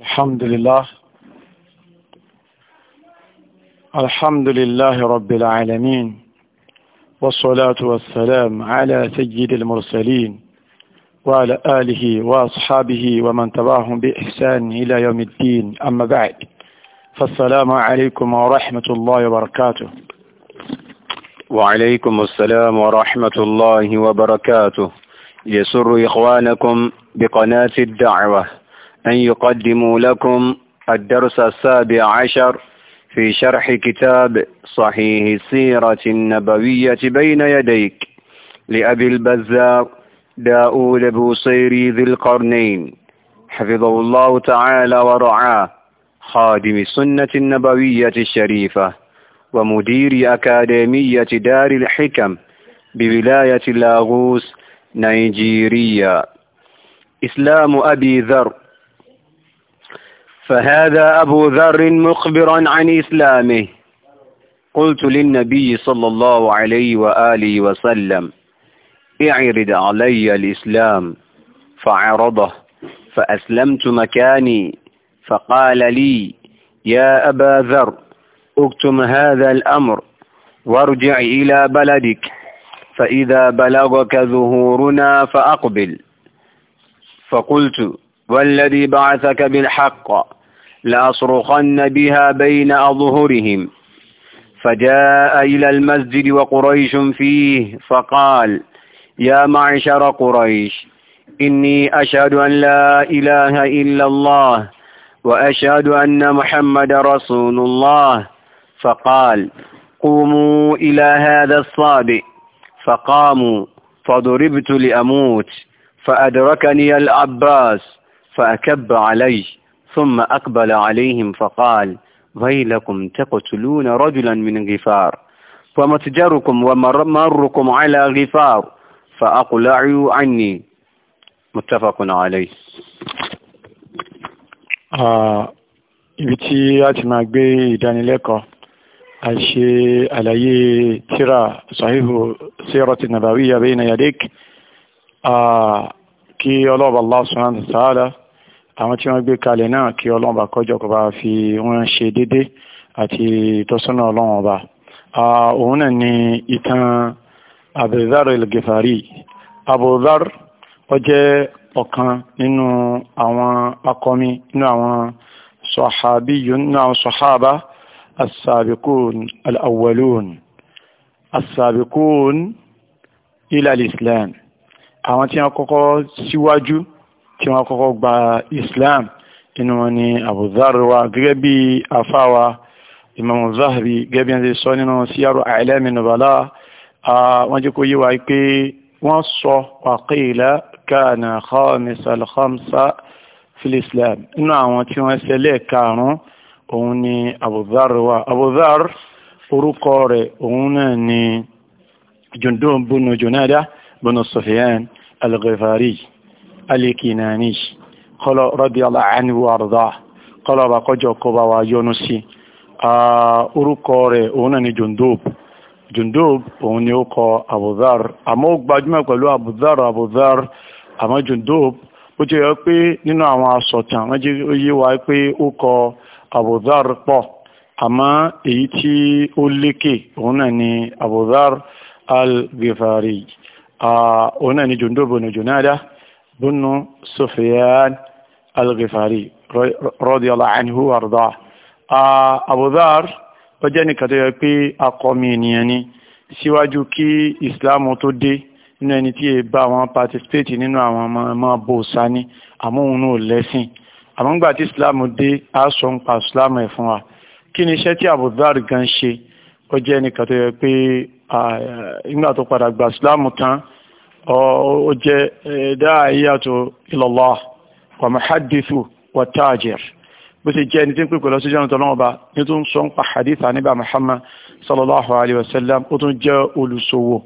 الحمد لله الحمد لله رب العالمين والصلاة والسلام على سيد المرسلين وعلى آله وأصحابه ومن تبعهم بإحسان إلى يوم الدين أما بعد فالسلام عليكم ورحمة الله وبركاته وعليكم السلام ورحمة الله وبركاته يسر إخوانكم بقناة الدعوة أن يقدموا لكم الدرس السابع عشر في شرح كتاب صحيح السيرة النبوية بين يديك لأبي البزار داود بوصيري ذي القرنين حفظه الله تعالى ورعاه خادم السنة النبوية الشريفة ومدير أكاديمية دار الحكم بولاية لاغوس نيجيريا إسلام أبي ذر فهذا أبو ذر مخبرا عن إسلامه قلت للنبي صلى الله عليه وآله وسلم اعرض علي الإسلام فعرضه فأسلمت مكاني فقال لي يا أبا ذر اكتم هذا الأمر وارجع إلى بلدك فإذا بلغك ظهورنا فأقبل فقلت والذي بعثك بالحق لأصرخن بها بين أظهرهم فجاء إلى المسجد وقريش فيه فقال يا معشر قريش إني أشهد أن لا إله إلا الله وأشهد أن محمد رسول الله فقال قوموا إلى هذا الصابئ فقاموا فضربت لأموت فأدركني العباس فأكب عليه ثم أقبل عليهم فقال ويلكم تقتلون رجلا من غفار ومتجركم ومركم على غفار فأقلعوا عني متفق عليه ibi tí a ti máa gbé ìdánilẹ́kọ̀ọ́ a àlàyé tíra sahihu sirati nabawiyya bayna yadik kí ọlọ́ọ̀bà Allah subhanahu wa ta'ala àwọn tí wọ́n gbé kalẹ̀ náà kí ọlọ́run bá kọjọ kó bá fi wọ́n ṣe dédé àti ìtọ́sọ́nà ọlọ́run ọba òun náà ni ìtàn abuzar el-gifari abuzar ó jẹ́ ọ̀kan nínú àwọn akọmi nínú àwọn sahabiyun nínú àwọn sahaba as-sabiqun al-awwalun ila islam àwọn tí wọ́n kọ́kọ́ síwájú si tí wọ́n kọ́kọ́ gba islam inú wọn ni abuzar wa gẹ́gẹ́ bí afáwa imam zahabi gẹ́gẹ́ bí wọ́n ti sọ nínú síyàrò àìlẹ́mì nùbàlá wọ́n jẹ́ kó yí wa pé wọ́n sọ wàkìlá kánà khamis al-khamsa fil islam inú àwọn tí wọ́n ṣẹlẹ̀ karùn-ún òun ni abuzar wa orúkọ rẹ̀ òun náà ni jundun bunu junada bunu sufyan al alikinani kọlọ rọ́bíọ́lá àánú àrùdá kọlọ ọba kọjọ kọba wa yọ́nú sí orúkọ rẹ̀ òun náà ni jundub jundub òun ni ó kọ abudar àmọ́ ó gbajúmọ̀ pẹ̀lú abudar abudar àmọ́ jundub ó ti yọ pé nínú àwọn asọ̀tàn wọ́n jẹ́ ó yé wa pé ó kọ abudar pọ̀ àmọ́ èyí tí ó lékè òun náà ni abudar al-Ghifari òun náà ni jundub ni junada. بن سفيان الغفاري رضي الله عنه وارضاه Abu Dhar ó jẹ́ nìkan tó yẹ pé akọmi ènìyàn ni síwájú kí ìsìláàmù tó dé nínú ẹni tí èé bá wọn participate nínú àwọn ọmọ ọmọ bòòsá ní àmóhun náà lẹ́sìn àmọ́ nígbà tí ìsìláàmù dé á sọ ń pa ìsìláàmù ẹ̀ fún wa kí ni iṣẹ́ tí Abu Dhar gan ṣe ó jẹ́ nìkan tó yẹ pé nígbà tó padà gba ìsìláàmù tán ó jẹ́ dáàyàtò ìlọ́lá wa muhaddithu wa tajir bó ṣe jẹ́ ẹni tí ń pè pẹ̀lú ọsíjọ́ ọ̀tọ̀ lọ́wọ́ bá ní tó ń sọ ń pa haditha níbà muhammad sallallahu alaihi wasallam ó tún jẹ́ olùṣòwò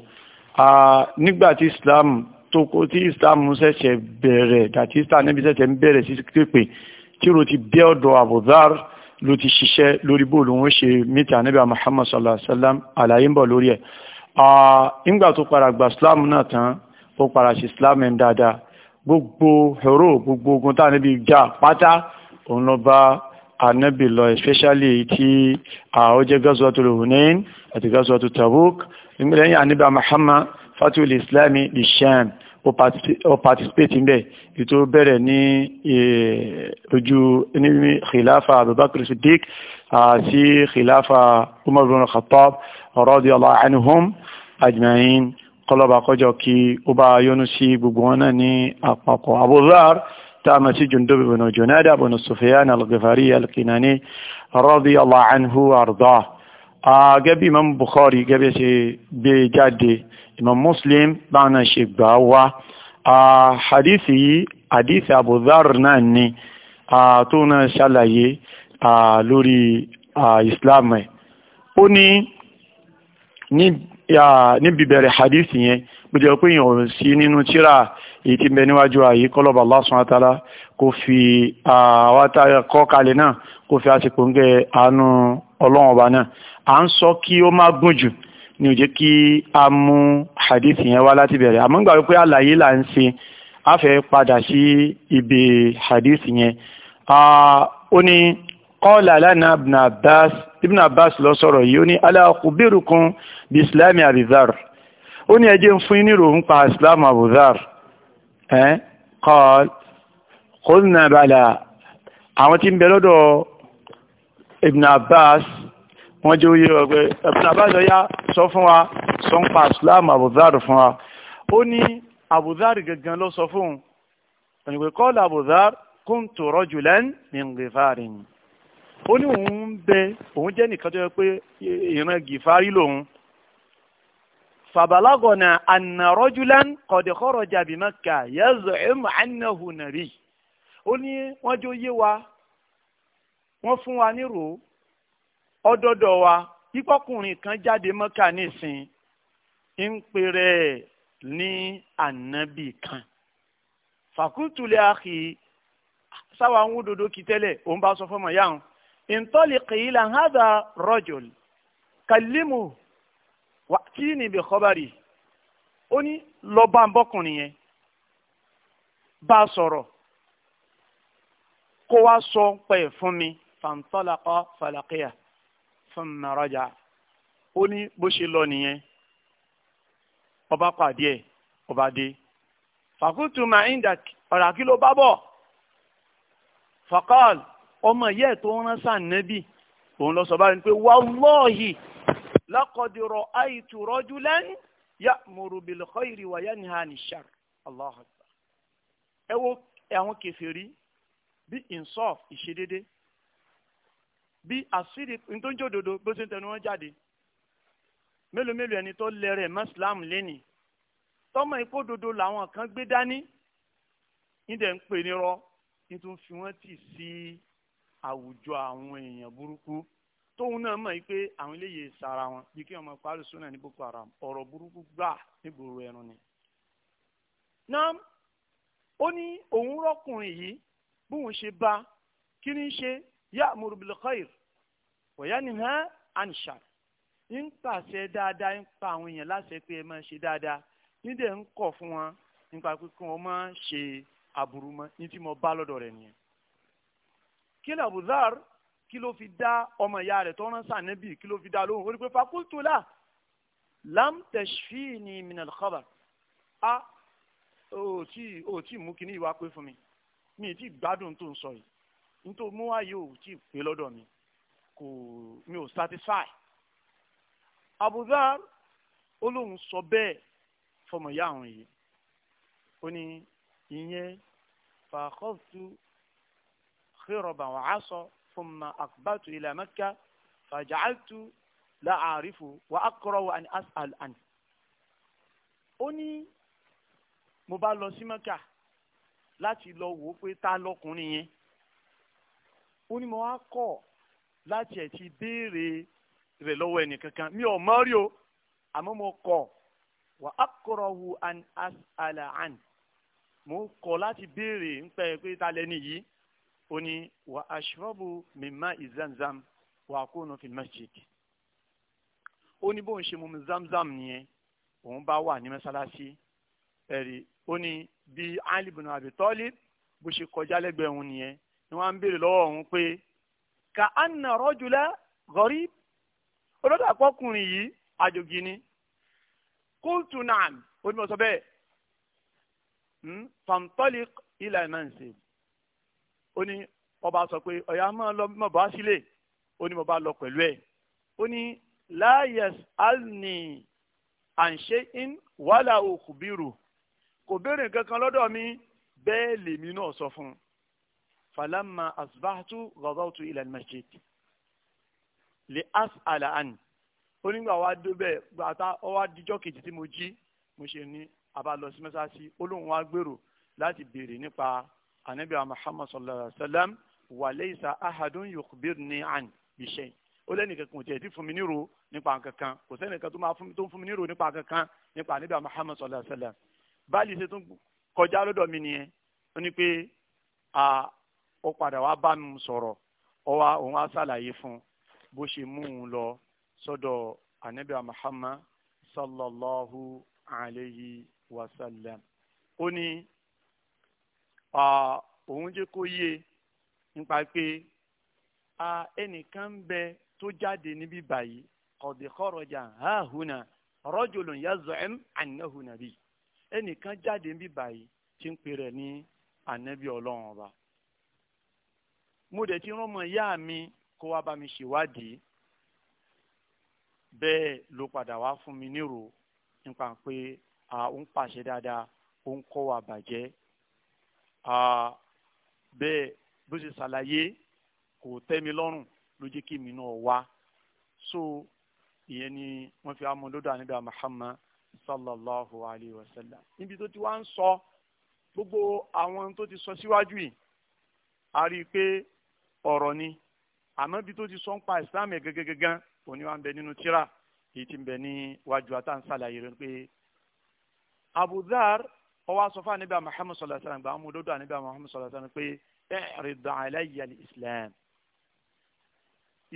nígbà tí islam tó kó tí islam ṣẹ̀ṣẹ̀ bẹ̀rẹ̀ dàtí islam níbi ṣẹ̀ṣẹ̀ ń bẹ̀rẹ̀ sí pípé tí ro ti bẹ́ ọ̀dọ̀ abudhar ló ti nígbà tó padà gba islam náà tán tó para ṣe islam ẹ̀ dáadáa gbogbo hero gbogbo ogun tá níbi jà pátá òun lọ bá anabi lọ especially tí ó jẹ́ gazwatul Hunain àti gazwatul Tabuk lẹ́yìn anabi Muhammad fatul islami di sham ó participate ń bẹ̀ ètò bẹ̀rẹ̀ ní e, ojú ní khilafa abubakar siddiq sí khilafa umar bin khattab radiyallahu anhum ajma'in kọlọ́ba kọjọ kí ó bá yọ́nú sí gbogbo wọn náà ní àpapọ̀ Abu Dharr تعمل في جندب بن جنادة بن سفيان الغفاري الكناني رضي الله عنه وارضاه قبي امام بخاري قبي بجد امام مسلم بعنا شبا و حديثي حديث ابو ذر ناني تونا شلاي لوري اسلامي ó ní ní níbi bẹ̀rẹ̀ hadith yẹn bó jẹ́ pé èèyàn sí nínú tíra èyí tí bẹ níwájú àyè kọlọ́bà Allah subhanahu wa ta'ala kó fi àwọn kọ́ kalẹ̀ náà kó fi àsìkò ń gẹ àánú ọlọ́run ọba náà à ń sọ kí ó má gùn jù ní ó jẹ́ kí a mú hadith yẹn wá láti bẹ̀rẹ̀ àmọ́ gbà wípé àlàyé là ń ṣe a fẹ́ padà sí ibi hadith yẹn ó ní qala lana ibn abbas ibn abbas lọ sọ̀rọ̀ yìí ó ní ala ukhbirukum bí islami abizar ó ní ẹjẹ́ ń fún yín nírò ń pa islam abuzar ẹ́n qala qulna bala àwọn tí ń bẹ lọ́dọ̀ ibn abbas wọ́n jẹ́ oyè ọgbẹ́ ibn abbas ọ̀yá sọ fún wa sọ ń pa islam abuzar fún wa ó ní abuzar gangan ló sọ fún òyìnbó qala abuzar kuntu rajulan min ghifarin ó ní òun ń bẹ òun jẹ́ nìkan tó yẹ pé ìran gìfárí lòun fàbàlágọ̀nà ànàrọ́júlán kọ̀dẹ̀kọ́rọ̀ jàbí mẹ́ka yẹ́zọ̀ ẹ̀mọ ànàhùnàrí ó ní wọ́n jó yé wa wọ́n fún wa nírò ọdọọdọ wa pípọ́kùnrin kan jáde mẹ́ka nísìn ń pèrè ní ànábì kan fàkútùlẹ̀ àkì sáwà ń wú dodo kí tẹ́lẹ̀ òun bá sọ fọmọ yáhùn انطلقي إلى هذا الرجل كلمه وأتيني بخبره ó ní lọ bá ń bọ́kùnrin yẹn bá a sọ̀rọ̀ kó wá sọ pé fún mi fantalaqa falaqiya thumma raja ó ní bó ṣe lọ nìyẹn ọba pàdé ẹ̀ ọba dé faqultu ma indak ọ̀rọ̀ àkìlọ̀ bá bọ̀ faqal ọmọ ìyá ẹ̀ tó ń rán sànẹ́bì òun lọ sọ báyìí pé wallahi laqad ra'aytu rajulan ya'muru bil khayri wa yanha 'anil sharr Allahu akbar. ẹ wo àwọn kèfèrí bí insaf ìṣedédé bí àṣírí nítòjó òdodo bó ṣe ń tẹnu wọn jáde mélòó mélòó ẹni tó lẹrẹ mọ́sálàmù lẹ́nìí tọmọ ikú òdodo làwọn kan gbé dání ní dẹ̀ ń pè ní rọ ní tó ń fi wọ́n tì sí i àwùjọ àwọn èèyàn burúkú tóun náà mọ̀ pé àwọn eléyìí sara wọn bí kí ọmọ parí sunna ní boko haram ọ̀rọ̀ burúkú gbà nígboro ẹnu ni. náà ó ní òun rọ́kùnrin yìí bóun ṣe bá kí ni ṣe ya'muru bil khair wa yanha an shar ń pàṣẹ dáadáa ń pa àwọn èèyàn láṣẹ pé ẹ máa ṣe dáadáa nídẹ̀ ń kọ̀ fún wọn nípa pé kí wọ́n máa ṣe aburú mọ́ ní tí mo bá lọ́dọ̀ rẹ̀ nìyẹn kí ni abudar kí ló fi dá ọmọ ìyá rẹ̀ tó rán sànẹ́bì kí ló fi dá lóhùn ó fakultula lam tashfini min al-khabar a ò tí ò tí mú kíní ìwà pé fún mi mi ì tí gbádùn tó ń sọ yìí nítorí mú wáyé ò tí pé lọ́dọ̀ mi kò mi ò satisfy abudar ó lóun sọ bẹ́ẹ̀ fọmọ ìyá àwọn yìí ó ní ìyẹn fàkọ́tù خربا وعصا ثم أقبلت إلى مكة فجعلت لا أعرف وأقرأ أن أسأل عنه ó ní mo bá lọ sí mẹ́kà láti lọ wò ó pé ta lọkùnrin yẹn ó ní mo wá kọ̀ láti ẹ̀ ti béèrè rẹ̀ lọ́wọ́ ẹnìkankan mi ò mọ̀ rí o àmọ́ mo kọ̀ wà á kọ̀rọ̀ wù an asàlà àn mo kọ̀ láti béèrè ń pẹ́ pé ta lẹ́ni yìí ó ní wà ashrabu mimma izamzam wà akunu fil masjid ó ní bóun ṣe mu zamzam nìyẹn òun bá wà ní mẹ́sálásí ẹ̀rí ó ní bí Ali ibn Abi Talib bó ṣe kọjá lẹ́gbẹ̀ẹ́ òun nìyẹn ni wọ́n á ń béèrè lọ́wọ́ òun pé ka anna rajula gharib olódò àkọkùnrin yìí àjòjì ni kultu naam ó ní mo sọ bẹ́ẹ̀ hmm, fantalik ila manzil ó ní ọba sọ pé ọ̀yà máa lọ mọ̀ bá sílé ó ní mo bá lọ pẹ̀lú ẹ̀ ó ní láyẹ̀s alni àǹṣe in wàhálà òkú bírù kò béèrè kankan lọ́dọ̀ mi bẹ́ẹ̀ lèmi náà sọ fún un falama asbahtu ghadawtu ila almasjid li as'ala ani onígbà wa débẹ̀ gbàtà ọwọ́ adijọ́ kejì tí mo jí mo ṣe ní abalọ sí mẹ́sàásì olóhùn wa gbèrò láti béèrè nípa anabi muhammad sallallahu alaihi wa sallam wa laysa ahadun yukhbirni an bishay ó lẹ́nu kankan kò tiẹ̀ ti fún mi níro nípa kankan kò sẹ́ni kan tó máa fún mi tó ń fún mi níro nípa kankan nípa anabi muhammad sallallahu alaihi wa sallam báyìí ṣe tún kọjá lọ́dọ̀ mi nìyẹn ó ní pé ó padà wá bá mi sọ̀rọ̀ ó wá òun á ṣàlàyé fún bó ṣe mú un lọ sọ́dọ̀ anabi muhammad sallallahu alaihi wa sallam ó ní òun jẹ́ kó yé nípa pé ẹnìkan ń bẹ tó jáde níbí báyìí ọ̀dẹ̀kọ̀rọ̀jà hàhùnà rọ́jòlò yazọ̀ẹ́m ànáhùnà bíi ẹnìkan jáde níbí báyìí tí ń pè rẹ̀ ní ànábì ọlọ́run ọba. mo dẹ̀ ti rán ọmọ ìyá mi kó wá bá mi ṣèwádìí bẹ́ẹ̀ ló padà wá fún mi nírò nípa pé à pàṣẹ dáadáa ó kọ́ wa bàjẹ́ bẹ́ẹ̀ bó ṣe ṣàlàyé kò tẹ́ mi lọ́rùn ló jẹ́ kí mi náà wá so ìyẹn ni wọ́n fi amúlódà níbi Muhammad sallallahu alayhi wa sallam níbi tó ti wá ń sọ gbogbo àwọn tó ti sọ síwájú yìí a rí i pé ọ̀rọ̀ ni àmọ́ ibi tó ti sọ ń pa ìsìlámù gẹ́gẹ́gẹ́gán òní wa ń bẹ nínú tíra èyí tí ń bẹ ní wájú àtàǹsàlàyé rẹ pé Abu ọwọ́ aṣọ fún anabi muhammed sallallahu alayhi wa sallam gba àwọn ọmọdodo anabi muhammed sallallahu alayhi wa sallam pé i'rid alayya al-islam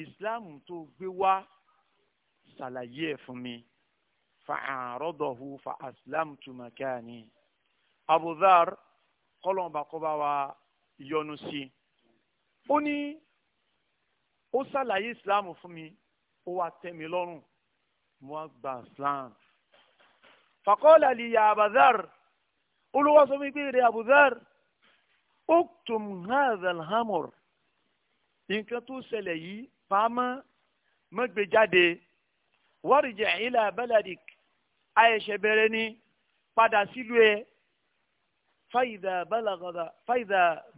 islam tó gbé wá ṣàlàyé ẹ̀ fún mi fa'aradahu fa aslamtu makani abu dhar kọ́lọ́mọba kọ́ba wa yọ́nú sí i ó ní ó ṣàlàyé islam fún mi ó wá tẹ́ lọ́rùn mo gba islam faqala li ya abadhar olúwa sọ fún mi abudar oktum hazal hamor nǹkan tó ṣẹlẹ̀ yìí pamọ́ mọ́gbẹ́jáde wọ́rìjẹ̀ ilà baladik àyẹ̀ṣẹ̀ bẹ̀rẹ̀ ni padà sílùú ẹ̀ fàyìdà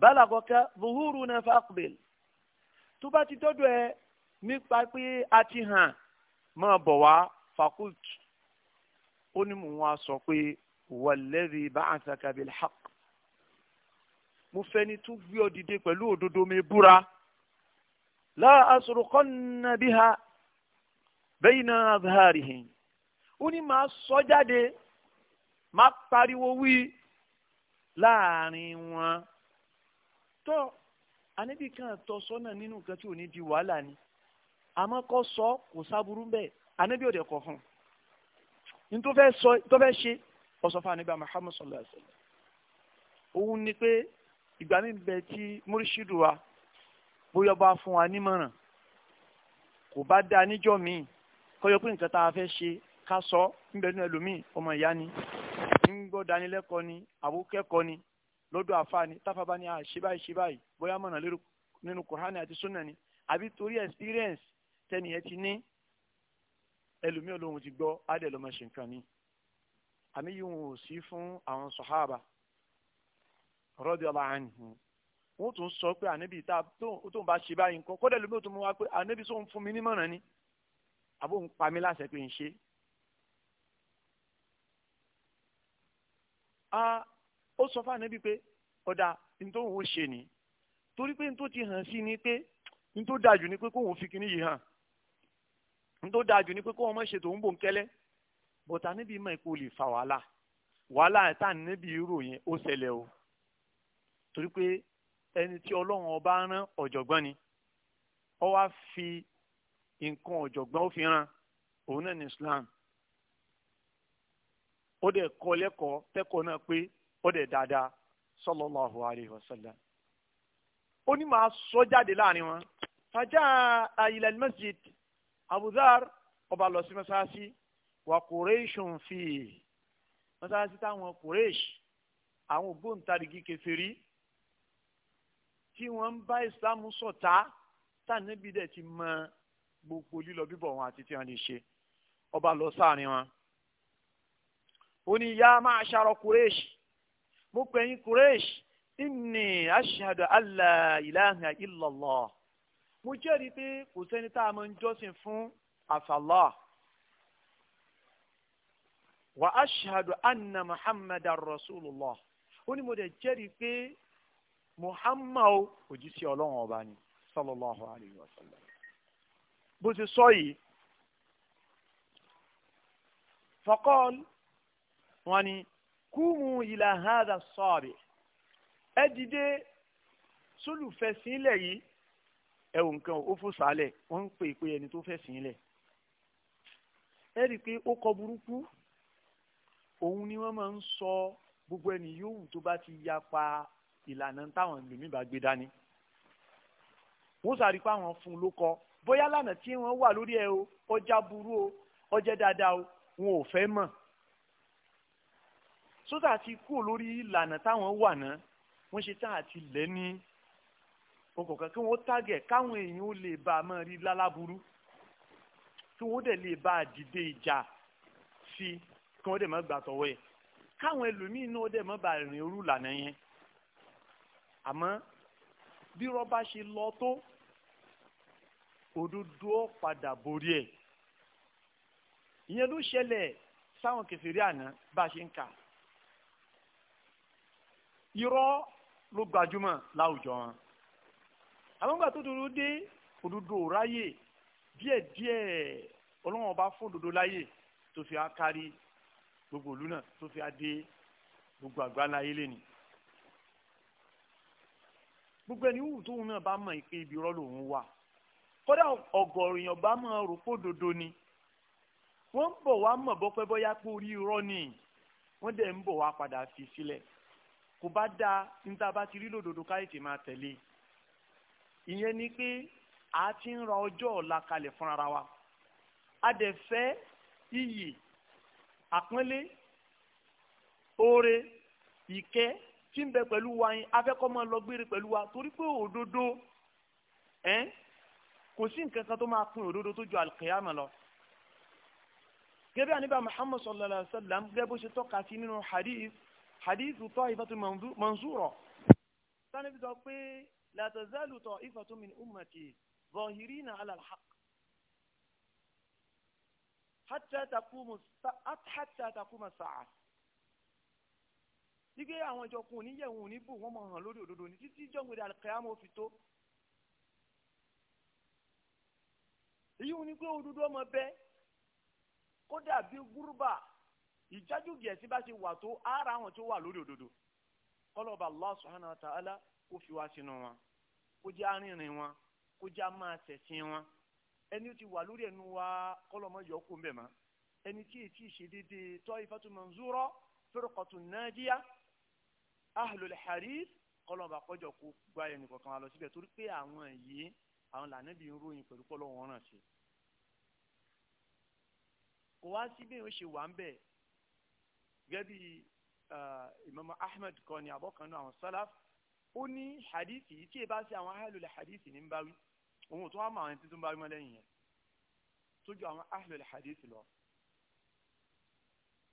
balagọ́kẹ́ zuhuru náà fàkùbẹ̀l tó bá ti dọ́dọ̀ ẹ nípa pé a ti hàn máa bọ̀ wá fakult ó ní mò ń wá sọ pé wàlẹ́rì bá àǹsàkà bíi hàk. mo fẹ́ni tún gbé ọ dìde pẹ̀lú òdodo mi búra láà àsòròkọ́ nàbí ha bẹ́yìn náà àbáhárì hìn. ó ní màá sọ jáde màá pariwo wí láàrin wọn. tó àníbi kan tọ sọ́nà nínú nǹkan tí ò ní di wàhálà ni àmọ́ kọ́ sọ kò sábúrú bẹ́ẹ̀ àníbi ò dẹ̀ kọ̀ fún un. ní tó fẹ́ sọ tó fẹ́ ṣe ó sọ fún àníbà Muhammad sallallahu alaihi wasallam òun ni pé ìgbà mi bẹ tí múrísìdù wa bóyá bá fún wa nímọ̀ràn kò bá dáa níjọ́ míì kọ́yọ́ pé nǹkan tá a fẹ́ ṣe ká sọ níbẹ̀ nínú ẹlòmíì ọmọ ìyá ni ń gbọ́ ni àbókẹ́kọ̀ọ́ ni lọ́dọ̀ àfa ni táfà bá bóyá mọ̀nà nínú kùránì àti súnà ni àbí torí experience tẹnìyẹn ti ní ẹlòmíì olóhùn ti gbọ́ á lọ́mọ ṣe nǹkan míì àmì yìí wọn ò sí fún àwọn sọ̀hábà radiyallahu anhum wọn tún sọ pé ànábì tá tó ń bá ṣe báyìí nǹkan kódà lómi ò tún mú wa pé ànábì sóun fún mi nímọ̀ràn ni àbò ń pa mí láṣẹ pé ń ṣe. a ó sọ fún ànábì pé ọ̀dà nítorí òun ṣe ni torí pé nítorí ti hàn sí ni pé nítorí dájú ni pé kóun fi kíní yìí hàn nítorí dájú ni pé kóun má ṣe tòun bò ń kẹ́lẹ́ bọ̀tà níbi mọ̀ ipò lè fa wàhálà wàhálà tá níbi irú yẹn ó ṣẹlẹ̀ o torí pé ẹni tí ọlọ́run ọba rán ọ̀jọ̀gbọ́n ni ó wá fi nǹkan ọ̀jọ̀gbọ́n ó fi rán òun náà ní Islam ó dẹ̀ kọ́ lẹ́kọ̀ọ́ tẹ́kọ̀ọ́ náà pé ó dẹ̀ dáadáa sallallahu alayhi wa sallam. ó ní màá sọ jáde láàrin wọn fàjà àyìnlẹ̀ masjid Abu Dhar ó lọ sí mọ́sáàsì wà kùrẹ́ṣùn fi mọ́sálásí táwọn kùrẹ́ṣ àwọn ògbóǹtarìgì kèfèrí tí wọ́n ń bá ìsìlámù ṣọ̀tá tànàbí dẹ̀ ti mọ gbogbo lílọ bíbọ̀ wọn àti tí wọ́n lè ṣe ọba lọ sáàrin wọn. ó ní ya ma'ashara kùrẹ́ṣ mo pè yín kùrẹ́ṣ inni ashhadu alla ilaha illallah mo jẹ́rìí pé kò sẹ́ni tá a máa ń jọ́sìn fún àfàlọ́ọ̀. wa ashhadu anna muhammadan rasulullah ó ní mo dẹ̀ jẹ́rìí pé muhammad òjíṣẹ́ ọlọ́run ọba ni sallallahu alayhi wa sallam bó ti sọ yìí faqal wọn ni kúmù ila hadha sọ́ọ̀bì ẹ dìde sólùfẹ́sílẹ̀ yìí ẹ wò nǹkan ó fò sálẹ̀ wọ́n ń pè é pé ẹni tó fẹ́ sílẹ̀ ẹ rí i pé ó kọ burúkú òun ni wọ́n máa ń sọ gbogbo ẹni yòówù tó bá ti yapa ìlànà táwọn ẹlòmíì bá gbé dání wọ́n sàrí pé àwọn fún un ló kọ bóyá lánàá tí wọ́n wà lórí ẹ̀ o ọjà burú o ọjà dáadáa o wọn ò fẹ́ mọ̀ sódà ti kú lórí ìlànà táwọn wà náà wọ́n ṣe tá àti lẹ́ ní kí wọ́n tàgẹ̀ káwọn èèyàn ó lè bá a máa rí lálábùrú kí wọ́n dẹ̀ lè bá a dìde ìjà sí i kí wọ́n dẹ̀ mọ́ gbà tọ̀wọ́ yẹ káwọn ẹlòmíín náà dẹ̀ mọ́ bá rìn irú lànà yẹn àmọ́ bí rọ́bà ṣe lọ tó òdodo padà borí ẹ̀ ìyẹn ló ṣẹlẹ̀ sáwọn kẹfìrí àná bá a ṣe ń kà irọ́ ló gbajúmọ̀ láwùjọ wọn àwọn tó dúró dé òdodo ráyè díẹ̀díẹ̀ ọlọ́wọ́n bá fún òdodo láyè tó fi á kárí gbogbo ìlú náà tó fi adé gbogbo àgbáńlá ayé lẹ́nu gbogbo ẹni wù tóun náà bá mọ̀ pé ibi irọ́ lòun wà kódà ọ̀gọ̀rọ̀ èèyàn bá mọ̀ rò pé òdodo ni wọ́n ń bọ̀ wá mọ̀ bọ́pẹ́ bọ́yá pé orí irọ́ ni wọ́n dẹ̀ ń bọ̀ wá padà fi sílẹ̀ kò bá dáa níta bá ti rí lòdòdó káyọ̀tì máa tẹ̀lé ìyẹn ni pé a ti ń ra ọjọ́ ọ̀la kalẹ̀ fúnra wa a dẹ̀ fẹ́ iyì àpọ́nlé oore ìkẹ́ tí ń bẹ pẹ̀lú wa yẹn afẹ́kọ́ máa lọ gbére pẹ̀lú wa torí pé òdodo ẹ́n kò sí nǹkan kan tó máa pin òdodo tó ju àlùkìyàmọ̀ lọ. gẹ́gẹ́ àníbà Muhammad sallallahu alayhi wa sallam gẹ́gẹ́ bó ṣe tọ́ka sí nínú hadith hadith ta'ifatu manzura sani bí sọ pé la tazalu ta'ifatu min ummati zahirina ala al-haqq hátà takuma sáà yíké àwọn ìjọkùn oníyẹ̀wò oníbù wọ́n mọ̀ hàn lórí òdodo ní títí jọ́gbẹ̀dẹ̀ àlùkìyámọ̀ fi tó èyí wọn ni pé òdodo ọmọ bẹ kódà bí gúrúbà ìjájú gẹ̀ẹ́sì bá ti wà tó ara àwọn tó wà lórí òdodo kọlọba Allah subhanahu wa ta'ala kó fi wá sínú wọn kó jẹ́ arìnrìn wọn kó jẹ́ amáṣẹ̀sìn wọn ẹni tí wà lórí ẹnu wa kọlọmọ yọ kó mbẹ ma ẹni tí èyí tí ì ṣe déédéé Taifatu Manzura Firqatu Najiya Ahlul Harith kọlọmọ àkọjọ kó gba ẹnì kọ̀ọ̀kan wa lọ síbẹ̀ torí pé àwọn yìí àwọn làánà bí ń ròyìn pẹ̀lú kọlọ wọn ràn sí. kò wá sí bí yóò ṣe wà ń bẹ̀ gẹ́gẹ́ Imam Ahmed kọ́ni abọ́kanu àwọn salaf ó ní hadithi yìí tí ì bá sí àwọn ahlul hadithi ní báwí òun tó wá mọ àwọn ẹni tuntun bá rí mọ́ lẹ́yìn yẹn tó ju àwọn ahlul hadith lọ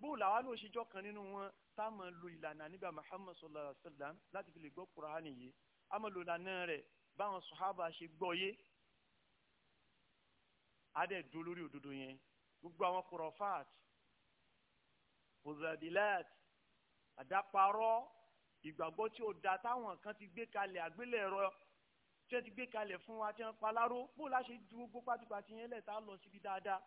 bóòlù àwa ló ṣe jọ kan nínú wọn tá a máa lo ìlànà nígbà Muhammad sallallahu alaihi wa sallam láti fi lè gbọ́ Kùránì yìí a máa lo ìlànà rẹ̀ báwọn sọ̀hábà ṣe gbọ́ yé adé dúró lórí òdodo yẹn gbogbo àwọn kurofat ozadilat àdáparọ́ ìgbàgbọ́ tí ó da táwọn kan ti gbé kalẹ̀ àgbélẹ̀rọ tí wọ́n ti gbé kalẹ̀ fún wa tí wọ́n pa láró bó la ṣe ju gbogbo pátipàti yẹn lẹ̀ tá a lọ síbi dáadáa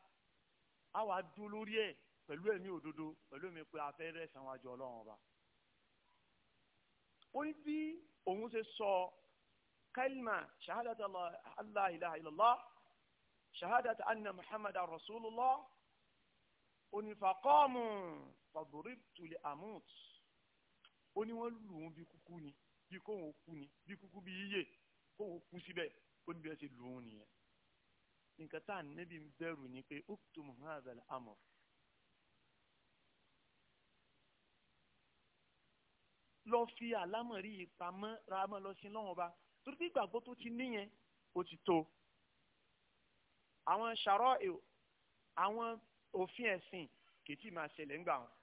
a wà dún lórí ẹ̀ pẹ̀lú ẹ̀mí òdodo pẹ̀lú ẹ̀mí pé a fẹ́ rẹ̀ sanwó àjọ ọlọ́run ọba. ó ní bí òun ṣe sọ kálímà ṣahadàtà allah ilaha illallah ṣahadàtà anna muhammad rasulullah onífàkọ́ọ̀mù fàdúrìtù lè àmúùt ó ní wọ́n lù wọ́n bí kúkú ni bí kóhùn kú ni bí kúkú bí yíyè kó o kú síbẹ̀ ó ní bí wọ́n ṣe lù ú nìyẹn nǹkan tá à níbi bẹ̀rù ni pé uktum hadha al-amr lọ fi àlámọ̀rí ìpamọ́ ra mọ́ lọ sí lọ́wọ́ ba torí pé ìgbàgbọ́ tó ti níyẹn ó ti tó àwọn ṣàrọ̀ àwọn òfin ẹ̀sìn kì í tí máa ṣẹlẹ̀ ńgbà wọn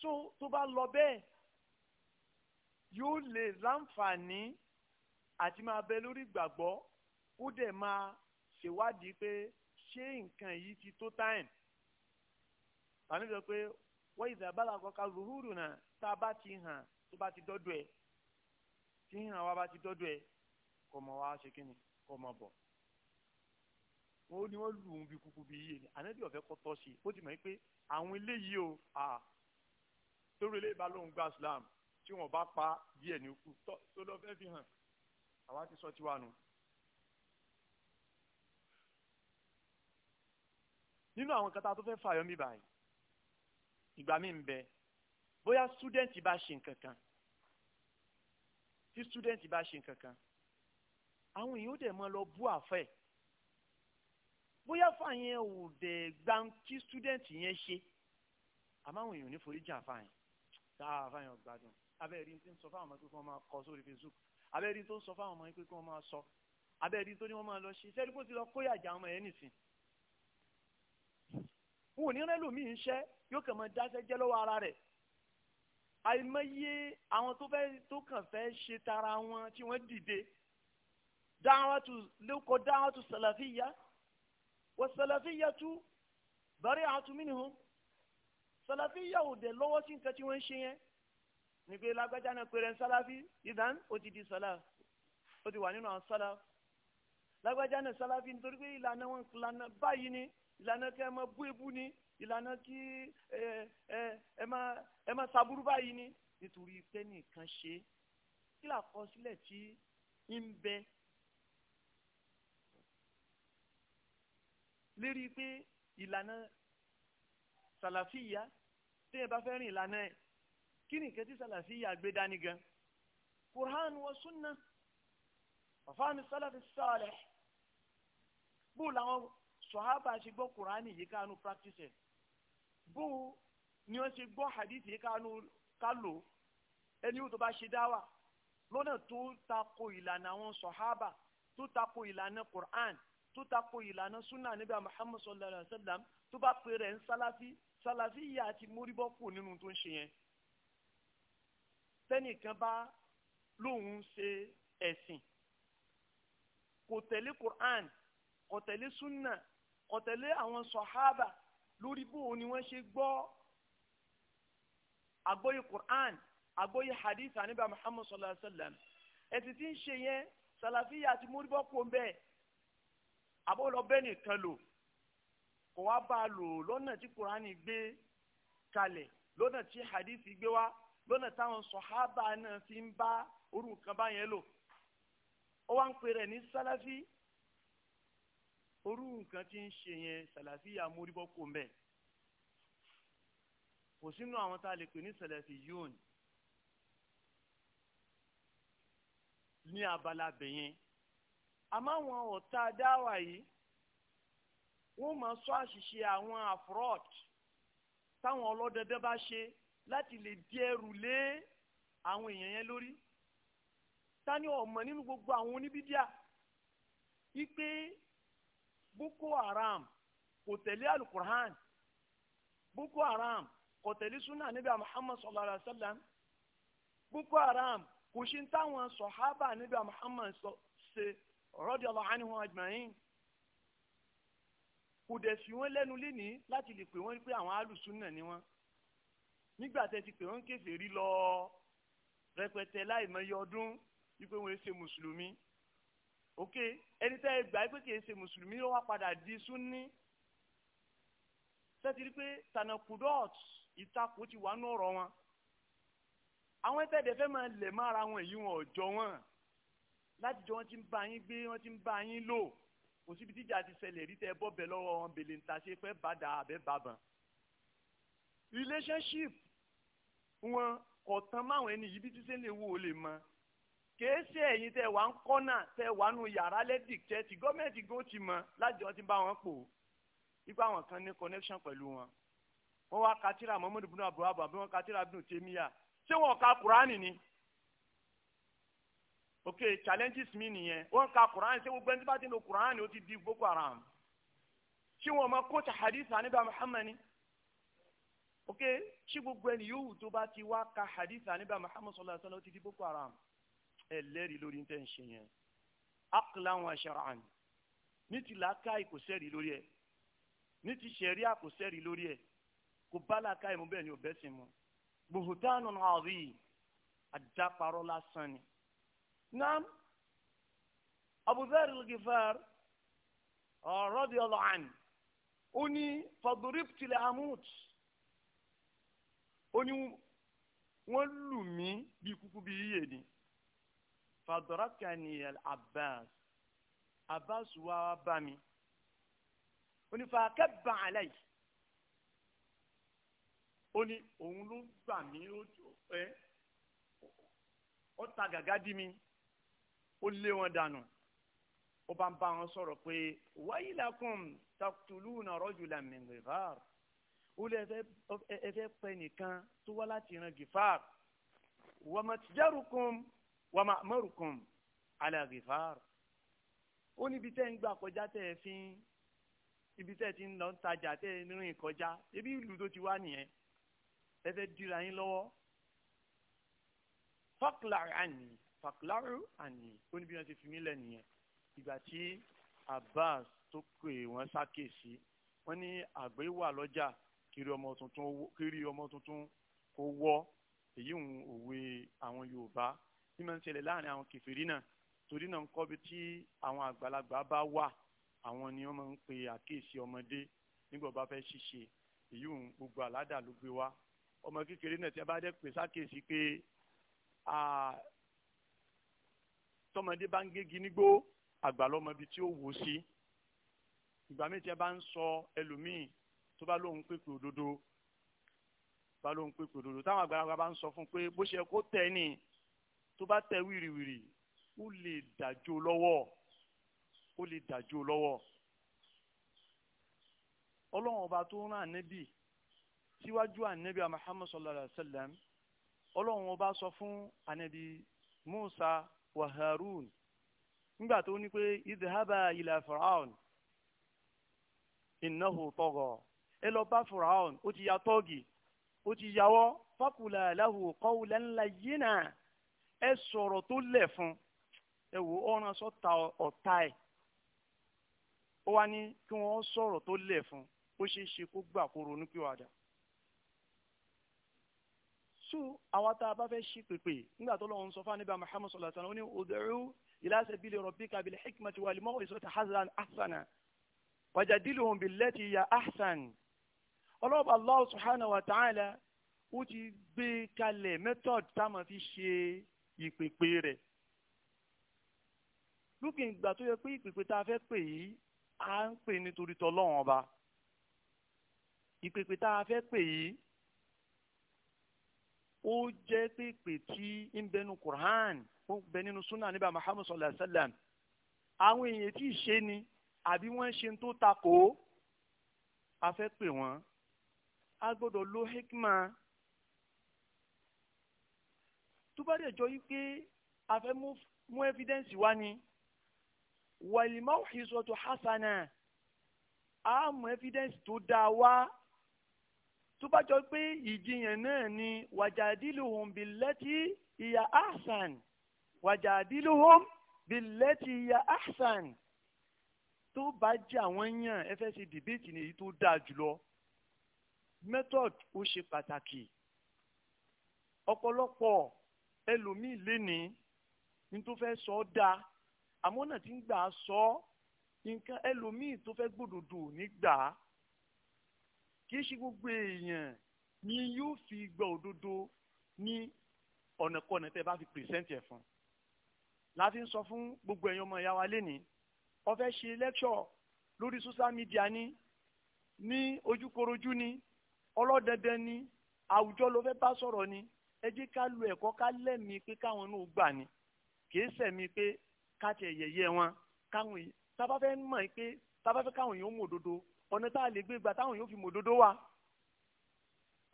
so tó bá lọ bẹ́ẹ̀ yóò lè láǹfààní àti máa bẹ lórí ìgbàgbọ́ kó dẹ̀ máa ṣèwádìí pé ṣé nǹkan yìí ti tó táìm tàbí sọ pé wọ́n ìdàbàlà kọ́ka rúurú náà tá a bá ti hàn tó bá ti dọ́dọ̀ ẹ̀ tí hàn wá bá ti dọ́dọ̀ ẹ̀ kò mọ̀ wá ṣe kínni kò mọ̀ bọ̀ wọn ní wọn lù ú bí kúkú bí yìí ni ànábì ọ̀fẹ́ kọ́ tọ́ sí i ó ti mọ̀ pé àwọn eléyìí o torí eléyìí bá lóun gba Islam tí wọn bá pa díẹ̀ ní kú tó lọ fẹ́ fi hàn àwa ti sọ tiwa nù. nínú àwọn kata tó fẹ́ fààyàn mi báyìí ìgbà mi ń bẹ bóyá sùdẹ́ǹtì bá ṣe nǹkan kan tí sùdẹ́ǹtì bá ṣe nǹkan kan àwọn èèyàn ó dẹ̀ mọ́ lọ bú àfẹ́ bóyá fààyàn ò dẹ̀ gbà tí sùdẹ́ǹtì yẹn ṣe àmọ́ àwọn èèyàn ò ní forí jìn àfààyàn tá àfààyàn gbádùn abẹ́rẹ́ ní ti ń sọ fáwọn ọmọ tó fọ́n máa kọ sórí Facebook abẹ́rí tó ń sọ fáwọn ọmọ yẹn pé kí wọ́n máa sọ abẹ́rí tó ní wọ́n máa lọ ṣe iṣẹ́ dípò ti lọ kó yàjà ọmọ yẹn nìsín. n ò ní rẹ́lò mí iṣẹ́ yóò kàn máa dáṣẹ́ jẹ́ lọ́wọ́ ara rẹ̀ àìmọye àwọn tó fẹ́ tó kàn fẹ́ ṣe tara wọn tí wọ́n dìde dáhàtú lóko dáhàtú sàlàfíyà wọ́n sàlàfíyà tú bàrí àtúmínú sàlàfíyà ò dẹ̀ lọ́wọ́ sí nǹkan tí wọ́n ń ṣe yẹn ní pé lágbájá náà péré idan, sálàfí ìdán ó ti di sálàf ó ti wà nínú àwọn sálàf lágbájá náà sálàfí nítorí pé ìlànà wọn ìlànà báyìí ni ìlànà kí ẹ máa bú ebú ni ìlànà kí ẹ ẹ ẹ máa ẹ máa sàbúrú báyìí ni nítorí tẹ́nìkan ṣe kí làkọsílẹ̀ tí ń bẹ lérí pé ìlànà sàlàfíyà tí bá fẹ́ rìn ìlànà ẹ̀ kí ni nǹkan tí sàlàfíà gbé dání gan Qur'an wa sunna fàfáàní sálàfí sálẹ̀ bó làwọn sọ̀hábà ṣe gbọ́ Qur'an yìí kánú practice ẹ̀ bó ni wọ́n ṣe gbọ́ hadith yìí kánú kálò ẹni tó bá ṣe dáwà lọ́nà tó tako ìlànà àwọn sọ̀hábà tó tako ìlànà Qur'an tó tako ìlànà sunna Ànábì Muhammad sallallahu alayhi wa sallam tó bá pèrè ń sálàfí sálàfí yìí àti mórí bọ́ kù nínú tẹ́nìkan bá lóun ṣe ẹ̀sìn kò tẹ̀lé Qur'an kò tẹ̀lé sunna kò tẹ̀lé àwọn sọ̀hábà lórí bó o ni wọ́n ṣe gbọ́ àgbọ́yé Qur'an àgbọ́yé hadith àníbà Muhammad sallallahu alayhi wa sallam ẹ̀sìn tí ń ṣe yẹn sàlàfíà àti múríbọ́ kò ń bẹ́ẹ̀ àbọ̀lọ́ bẹ́ẹ̀ nìkan lò kò wá bá a lò lọ́nà tí Qur'an gbé kalẹ̀ lọ́nà tí hadith gbé wá lọ́nà táwọn sọ̀hábà náà fi ń bá orú nǹkan báyẹn lò ó wá ń pè rẹ̀ ní sálàfí orú nǹkan tí ń ṣe yẹn sálàfí àmúríbọ́ kò mẹ́ kò sínú àwọn tá a lè pè ní sálàfí yóòn ní abala bẹ̀yẹn àmọ́ àwọn ọ̀tá dáwà yìí wọ́n máa sọ àṣìṣe àwọn afrọ́d táwọn ọlọ́dẹdẹ bá ṣe láti lè di ẹrù lé àwọn èèyàn yẹn lórí tani ọmọ nínú gbogbo àwọn oníbídíà wípé Boko Haram kò tẹ̀lé alukur'an Boko Haram kò tẹ̀lé sunnah níbi Muhammad sallallahu alaihi wa sallam Boko Haram kò ṣe ń táwọn sọ̀hábà níbi Muhammad ṣe radiyallahu anhum ajma'in kò dẹ̀ sí wọn lẹ́nu lẹ́ni láti lè pè wọ́n pé àwọn alùsùn náà ni wọ́n nígbà tẹ́ ti pè wọ́n kéfè rí lọ rẹpẹtẹ láì mọye ọdún wípé wọ́n ṣe mùsùlùmí ok ẹni tẹ́ ẹ gbà pé kì í ṣe mùsùlùmí ó wá padà di súnni tẹ́tí rí pé tanakudọ́t ìtakò ti wà nù ọ̀rọ̀ wọn àwọn ẹ̀tẹ́ẹ̀dẹ̀ fẹ́ máa lẹ̀ mára wọn èyí wọn ọ̀jọ́ wọn láti jọ wọn ti ń bá yín gbé wọn ti ń bá yín lò kò síbi tíjà ti ṣẹlẹ̀ rí tẹ bọ́bẹ̀ lọ́wọ́ wọn bèlè ń ta ṣe fẹ́ bàdà àbẹ́ bàbàn. relationship wọn kọ̀tán máwọn ẹni yìí bí títí lè wo ò lè mọ kèé ṣe ẹ̀yin tẹ wà ń kọ́nà tẹ wà nù yàrá lẹ́dìk tẹ ti gọ́ọ̀mẹ̀ntì gan ti mọ láti wọn ti bá wọn pò ipa àwọn kan ní connection pẹ̀lú wọn wọn wá katira muhammadu bin abu abu àbí wọn katira bin temiya ṣé wọn ka kuraani ni ok challenges mi nìyẹn wọn ka kuraani ṣé gbogbo ẹni tí bá ti lo kuraani ó ti di boko haram ṣé wọn ma kóòtù hadith aniba muhammadu ok ṣé gbogbo ẹni yòówù tó bá ti wá ka hadith àníbà muhammad sallallahu alaihi wa sallam ti di boko haram ẹ lẹ́rìí lórí tẹ́ ń ṣe yẹn aqlan wa shar'an ní ti làákàyè kò sẹ́rìí lórí ẹ̀ ní ti ṣẹ̀ríà kò sẹ́rìí lórí ẹ̀ kò bá làákàyè mu bẹ́ẹ̀ ni ò bẹ́ sìn mu buhtanun azim àdàparọ́ lásán ni. naam Abu Dharr al-Ghifar radiyallahu anhu ó ní faduribtu li amut ó ní wọ́n lù mí bí kúkú bí yíyẹ ni fàdọ́rọ́kà ni abbas abbas wá bá mi ó ní fàákẹ́ bá aláì ó ní òun ló gbà mí ó ta gàgá dí mi ó lé wọn dànù ó bá ń bá wọn sọ̀rọ̀ pé wáyé lakum taqtuluna rajulan min ghifar wúlò ẹfẹ pẹ nìkan tó wá láti ìran gifar wàmàtìjárùkùn wàmàmọrùkùn àlà gifar ó níbi tẹ́ ń gbà kọjá tẹ́ ẹ fi ń ibi tẹ́ ẹ ti ń lọ ń tajà tẹ́ ẹ rìn kọjá ebi ìlú tó ti wá nìyẹn ẹ dira yín lọ́wọ́ faklar àní faklaru àní ó níbi wọn ti fi mí lẹ̀ nìyẹn ìgbà tí Abbas tó pè wọ́n sákèsí wọ́n ní àgbẹ̀ wà lọ́jà kiri ọmọ tuntun kiri ọmọ tuntun kó wọ́ èyí ń òwe àwọn Yorùbá tí máa ń ṣẹlẹ̀ láàrin àwọn kẹfìrí náà torí náà ń kọ́ bí tí àwọn àgbàlagbà bá wà àwọn ni wọ́n máa ń pe àkíyèsí ọmọdé nígbà bá fẹ́ ṣíṣe èyí ń gbogbo àládà ló gbé wá ọmọ kékeré náà tí a bá dẹ́ pè sákèsí pé tọmọdé bá ń gégi nígbó àgbà tí ó wò sí ìgbà míì tí a bá ń sọ ẹlòmíì tó bá lóun pèpè òdodo bá lóun pèpè òdodo táwọn àgbàlagbà bá ń sọ fún pé bó ṣe kó tẹ ní tó bá tẹ wìrìwìrì ó lè dàjò lọ́wọ́ ó lè dàjò lọ́wọ́ ọlọ́run ọba tó rán ànẹ́bì síwájú ànẹ́bì Muhammad sallallahu alayhi wa sallam ọlọ́run ọba sọ fún ànẹ́bì Musa wa Harun nígbà tó ní pé idhaba ila Fir'aun innahu tagha ẹ lọ bá firaun ó ti ya tọ́ọ̀gì ó ti yàwọ́ faqula lahu qawlan layyina ẹ sọ̀rọ̀ tó lẹ̀ fún ẹ wò ọ̀ràn sọ́ta ọ̀tá ẹ̀ ó wá ní kí wọ́n sọ̀rọ̀ tó lẹ̀ fún ó ṣeé ṣe kó gbà kó ronú kí wàdà so àwa tá a bá fẹ́ ṣí pèpè nígbà tó lọ́wọ́ ń sọ fún níbà muhammad sallallahu alaihi wa sallam ó ní ud'u ila sabili rabbika bil hikmati wal maw'izati hasanah wajadilhum billati ya ahsan ọlọ́ọ̀bà Allah subhanahu wa ta'ala ó ti gbé kalẹ̀ method táwọn fi ṣe ìpèpè rẹ̀ lókè ìgbà tó yẹ pé ìpèpè tá a fẹ́ pè yìí à ń pè nítorí tọlọ́run ọba ìpèpè tá a fẹ́ pè yìí ó jẹ́ pèpè tí ń bẹnu Qur'an ó bẹ nínú sunnah níbà Muhammad sallallahu alaihi wa sallam àwọn èèyàn tí ì ṣe ni àbí wọ́n ṣe tó takò á fẹ́ pè wọ́n a gbọ́dọ̀ lo hikma tó bá dẹ̀ jọ yí pé a fẹ́ mú evidence wá ni wàlìmọ́ ìsọ̀tò hasana a mú evidence tó dáa wá tó bá jọ pé ìjiyàn náà ni wàjàdìlùhùn bìlẹ́tì ìyá ahsan wàjàdìlùhùn bìlẹ́tì ìyá ahsan tó bá jẹ́ àwọn yàn ẹ fẹ́ ṣe dìbéètì ní tó dáa jùlọ method ó ṣe pàtàkì ọ̀pọ̀lọpọ̀ ẹlòmíì lénìí ní tó fẹ́ sọ ọ́ dáa àmọ́ náà ti ń gbà sọ ọ́ nǹkan ẹlòmíì tó fẹ́ gbòdòdò nígbà kì í ṣe gbogbo èèyàn ni yóò fi gba òdodo ní ọ̀nàkọ̀nà tẹ́ bá fi pèsèǹtì ẹ̀ fún un láti ń sọ fún gbogbo ẹ̀yin ọmọ ìyá wa lénìí ó fẹ́ ṣe lẹ́kṣọ̀ lórí social media ní ní ojúkorojú ní ọlọ́dẹdẹ ni àwùjọ ló fẹ́ bá sọ̀rọ̀ ni ẹ jẹ́ ká lu ẹ̀kọ́ ká lẹ́mìí pé káwọn náà gbà ni kìí sẹ̀mí pé ká tẹ̀ yẹ̀yẹ́ wọn káwọn tábà fẹ́ mọ̀ pé tábà fẹ́ káwọn yóò mọ̀ òdodo ọ̀nà tá a lè gbé gbà táwọn yóò fi mọ̀ òdodo wa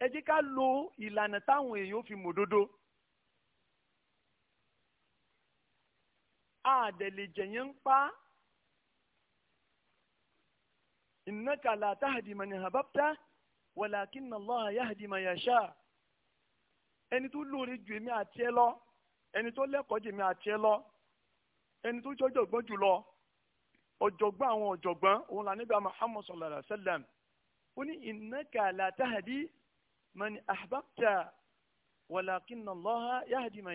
ẹ jẹ́ ká lo ìlànà táwọn èèyàn fi mọ̀ òdodo. àdẹ̀lẹ̀ ń pa innaka la tahdi man ahbabta walakinna Allah yahdi man yasha ẹni tó lóore ju èmi àti ẹ lọ ẹni tó lẹ́kọ̀ọ́ ju èmi àti ẹ lọ ẹni tó jọjọgbọ́n jù lọ ọ̀jọ̀gbọ́n àwọn ọ̀jọ̀gbọ́n òun là nígbà Muhammad sallallahu alayhi wa sallam ó ní innaka la tahdi man ahbabta walakinna Allah yahdi man